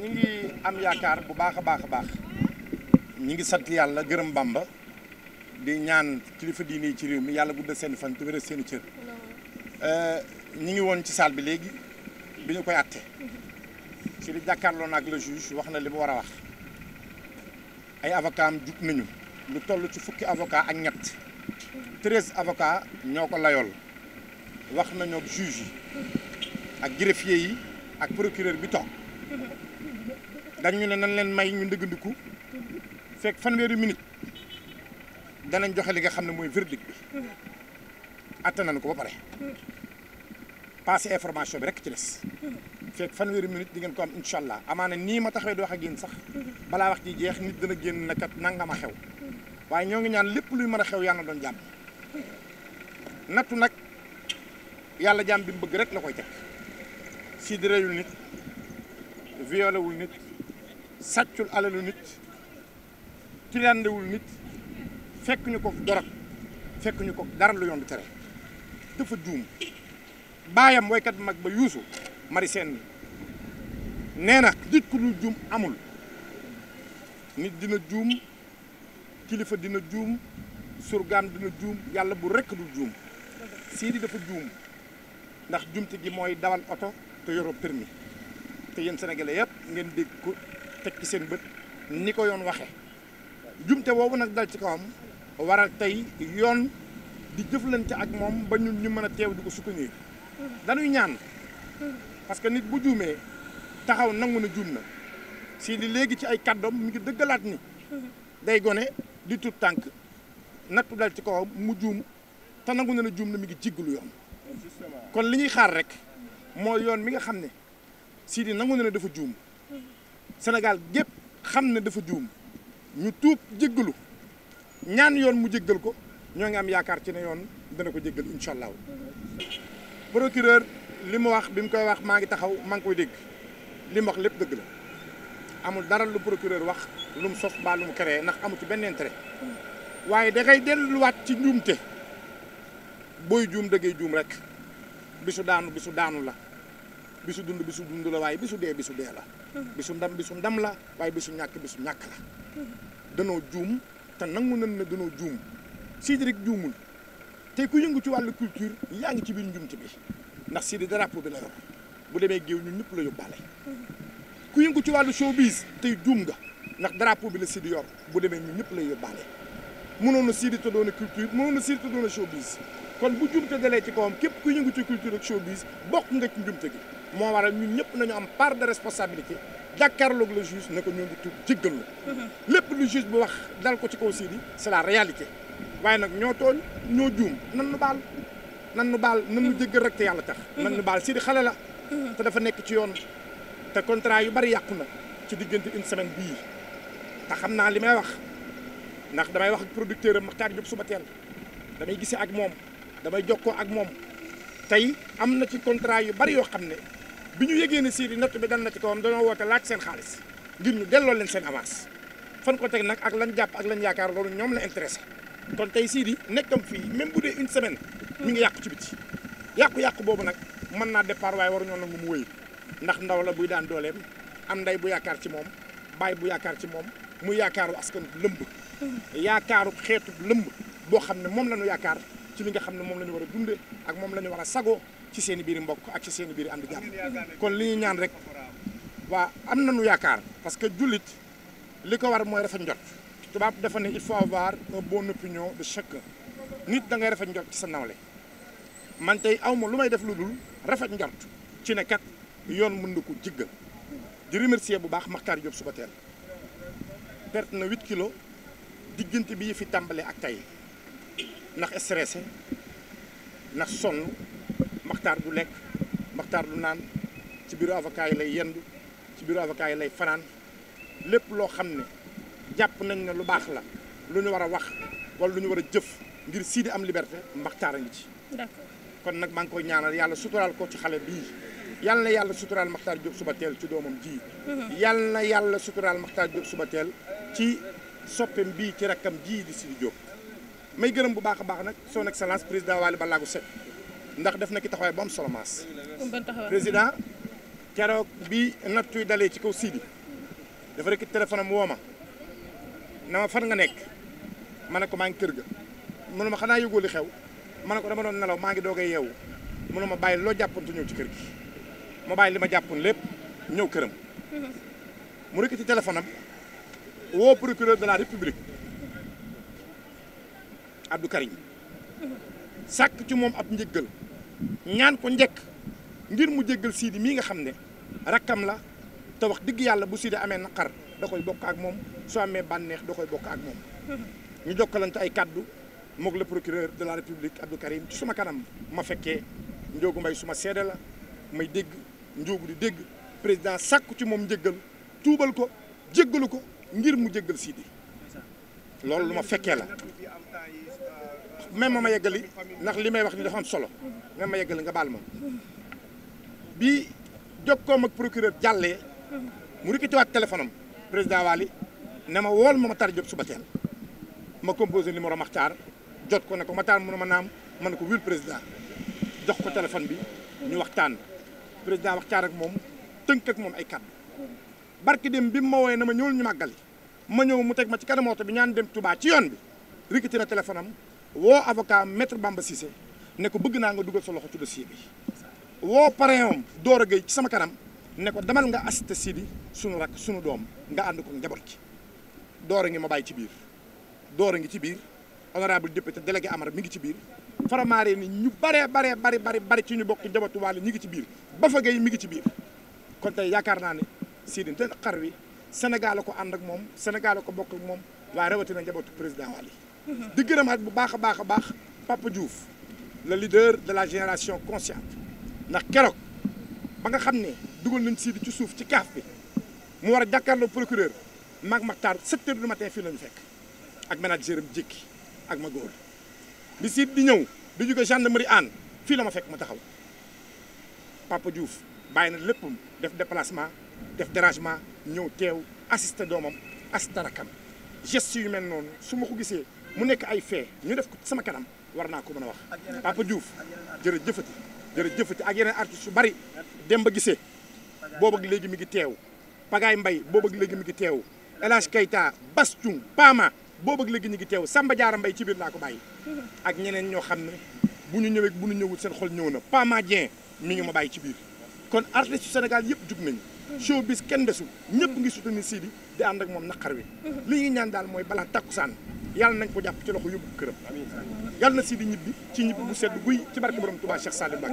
ñi ngi am yaakaar bu baax a baax a baax ñi ngi sant yàlla gërëm Bàmba di ñaan kilifa diine yi ci réew mi yàlla guddal seen fan te seeni seen cër euh, ñi ngi woon ci salle bi léegi bi ñu koy àtte ci li jàkkaarloo na ak le juge wax na li mu war a wax ay avocat am jug nañu lu toll ci fukki avocat ak ñett treize avocat ñoo ko layool wax nañu ak juge yi ak greffier yi ak procureur bi toog ñu ne nañ leen may ñu ndëggandiku fekk fanweeri minute danañ joxe li nga xam ne mooy verdict bi atte nañ ko ba pare information bi rekk ci des fekk fanweeri minute di ngeen ko am incha allah amaana nii ma taxawee di wax a génn sax balaa wax ji jeex nit dana génn nakat nangama xew waaye ñoo ngi ñaan lépp luy mën a xew yàlla na doon jàmm nattu nag yàlla jàmm bi mu bëgg rek la koy teg si di reyul nit violewul nit sàccul alalu nit tiliandewul nit fekk ñu ko dorog fekk ñu ko dara lu yoon di tere dafa juum baayam woykat mag ba yuusu mari seen nee na nit ku dul juum amul nit dina juum kilifa dina juum surgaam dina juum yàlla bu rekk dul juum di dafa juum ndax jumte gi mooy dawal oto te yoroo permis te yéen sénégalais yëpp ngeen dégg ko teg ci seen bët ni ko yoon waxe jumte boobu nag dal ci kawam waral tey yoon di jëf jëflante ak moom ba ñun ñu mën a teew di ko soutenir dañuy ñaan parce que nit bu juumee taxaw nangu na juum na si li léegi ci ay kàddoom mu ngi dëggalaat ni day gone di tut tànk nattu dal ci kawam mu juum te nangu na na juum na mi ngi jiggalu yoon kon li ñuy xaar rek moo yoon mi nga xam ne Sidi nangu na dafa juum Sénégal gépp xam ne dafa juum ñu tuub jéggalu ñaan yoon mu jéggal ko ñoo ngi am yaakaar ci ne yoon dana ko jéggal incha allah. procureur li mu wax bi mu koy wax maa ngi taxaw maa ngi koy dégg li mu wax lépp dëgg la amul dara lu procureur wax lu mu sos mbaa lu mu créé ndax amu ci benn intérêt waaye da ngay delluwaat ci njuumte booy juum da juum rek bisu daanu bisu daanu la. bisu dund bisu dund la waaye bisu dee bisu dee la bisu bi bisu ndam la waaye bisu ñàkk bisu ñàkk la danoo juum te nangu nan ne danoo juum Sidy rek juumul te ku yëngu ci wàllu culture yaa ngi ci biir njumte bi ndax Sidy drapeau bi la yor bu demee géew ñun ñëpp la yóbbaale ku yëngu ci wàllu showbiz tey juum nga ndax drapeau bi la Sidy yor bu demee ñun ñëpp lay yóbbaale mënoon na Sidy te doon culture mënoon na Sidy te doon showbiz kon bu jumte dalee ci kawam képp ku yëngu ci culture ak showbiz bokk nga ci njumte gi moo waral ñu ñëpp nañu am part de responsabilité jàkkaarloog le juge ne ko ñoo ngi tuub jéggalu mhm. lépp lu juge bu wax dal ko ci kaw Sidy c'est la réalité waaye nag ñoo tooñ ñoo juum nan nu baal nan nu baal nan nu mhm. jéggal rek te yàlla tax nan nu mhm. baal Sidy xale la te dafa nekk ci yoon te contrat yu bari yàqu na ci diggante une semaine bii te xam naa li may wax ndax damay wax ak producteur am Makhtar Diop suba teel damay gisee ak moom damay jokkoo ak moom tey am na ci contrat yu bari yoo xam ne bi ñu yëgee ne Sidy natt bi dal na ci kawam dañoo woote laaj seen xaalis ngir ñu delloo leen seen avance fan ko teg nag ak lan jàpp ak lan yaakaar loolu ñoom la intéressé kon tey Sidy nekkam fii même bu dee une semaine mi ngi yàqu ci biti yàqu-yàqu boobu nag mën naa départ waaye waruñoo nangu mu wéy ndax ndaw la buy daan dooleem am ndey bu yaakaar ci moom baay bu yaakaar ci moom mu yaakaaru askan lëmb yaakaaru xeetu lëmb boo xam ne moom la ñu yaakaar ci li nga xam ne moom la ñu war a moom la ñu war a sagoo ci seen i biir mbokk ak ci seen i biir ànd jàmm kon li ñu ñaan rek waa am nañu yaakaar parce que jullit li ko war mooy rafet njot tubaab dafa ne il faut avoir une bonne opinion de chacun nit dangay ngay rafet njot ci sa nawle man tey aw ma lu may def lu dul rafet njort ci ne kat yoon mën na ko jiggal di remercier bu baax Makhtar Diop suba teel perte na 8 kilo diggante bi fi tàmbalee ak tey ndax stressé ndax sonn. maxtaar du lekk maxtaar lu naan ci biiru avocat yi lay yendu ci biiru avocat yi lay fanaan lépp loo xam ne jàpp nañ ne lu baax la lu ñu war a wax wala lu ñu war a jëf ngir Sidy am liberté maxtaar a ngi ci kon nag maa ngi koy ñaanal yàlla suturaal ko ci xale bii yàlla na yàlla suturaal maxtaar Diop suba teel ci doomam jii mhm. yàlla na yàlla suturaal maxtaar Diop suba teel ci soppem bii ci rekkam jii di Sidy Diop may gërëm bu baax a baax nag son excellence président Waly Ballago Seck ndax def na ki taxawaay bu am solo maas président keroog bi nattuy dalee ci kaw Sidi dafa rek téléphone am woo ma na ma fan nga nekk ma ne ko maa ngi kër ga mënu xanaa yëgoo li xew ma ko dama doon nelaw maa ngi doogay yeewu mënu ma bàyyi loo jàppantu ñëw ci kër gi ma bàyyi li ma jàppoon lépp ñëw këram mu rek ci téléphone am woo procureur de la république Abdou Karim sàkk ci moom ab njëggal ñaan ko njëkk ngir mu jéggal siidi mii nga xam ne rakkam la te wax dëgg yàlla bu siidi amee naqar da koy bokk ak moom su amee bànneex da koy bokk ak moom ñu jokkalante ay kàddu moog la procureur de la république Abdou Karim ci suma kanam ma fekkee Ndiogu Mbaye suma seede la may dégg Ndiogu di dégg président sàkku ci moom njëggal tuubal ko jéggalu ko ngir mu jéggal siidi loolu lu ma fekkee la même ma yeggali ndax li may wax ni dafa solo même ma yeggali nga baal ma bi koo ak procureur jàllee mu rikkatiwaat téléphone am président Waly ne ma wool ma Matar Diop suba teel ma composé numéro Matar jot ko ne ko ma Matar mu ne ma naam ma ne ko wil président jox ko téléphone bi ñu waxtaan président waxtaan ak moom tënk ak moom ay kàddu barki dem bi mu ma wooyee na ma ñëwul ñu màggali ma ñëw mu teg ma ci kanam oto bi ñaan dem Touba ci yoon bi rikkati na téléphone am. woo avocat maître Bamba Cissé ne ko bëgg naa nga dugal sa loxo ci dossier bi woo parrain am Doro Gueye ci sama kanam ne ko demal nga assisté Sidi sunu rakk sunu doom nga ànd ko njaboot ci Doro ngi ma bàyyi ci biir Doro ngi ci biir honorable député am Amar mi ngi ci biir faramaare ni ñu baree baree bari bari bari ci ñu bokk njabootu wàll ñu ngi ci biir ba fa gay mi ngi ci biir kon tey yaakaar naa ne Sidi te xar wi Sénégal ko ànd ak moom Sénégal ko bokk moom waaye rawatina njabootu président Wally di gërëmaat bu baax a baax a baax Papa Diouf le leader de la génération consciente ndax keroog ba nga xam ne dugal nañ Sidi ci suuf ci kaaf bi mu war a jàkkaarloo procureur mag Maxtaar sept heures du matin fii lañu fekk ak manager am jékki ak ma góor bi Sidi di ñëw di jóge gendarmerie aan fii la ma fekk ma taxaw Papa Diouf bàyyi na léppam def déplacement def dérangement ñëw teew assisté doomam assisté rakkam gestes yu mel noonu su ma ko gisee mu nekk ay fee ñu def ko sama kanam war naa ko mën a wax Papa Diouf jërëjëfati jërëjëfati ak yeneen artistes su bari Demba Guissé boobu ak léegi mi ngi teew Pagaay Mbaye boobu ak léegi mi ngi teew El Hadj Keita Bass Thioung Pama boobu ak léegi ñu ngi teew Samba Diarra Mbaye ci biir laa ko bàyyi ak ñeneen ñoo xam ne bu ñu ñëwee bu ñu ñëwul seen xol ñëw na Pama Dieng mi ngi ma bàyyi ci biir kon artistes yu Sénégal yëpp jug soo bis kenn desul ñëpp ngi soutenir Sidi di ànd ak moom naqar wi li ñuy ñaan daal mooy balaa takkusaan yàlla nañ ko jàpp ci loxo yóbbu këram yàlla na si di ñibbi ci ñibbi bu sedd guy ci barke borom Touba Cheikh Sadio Mbacké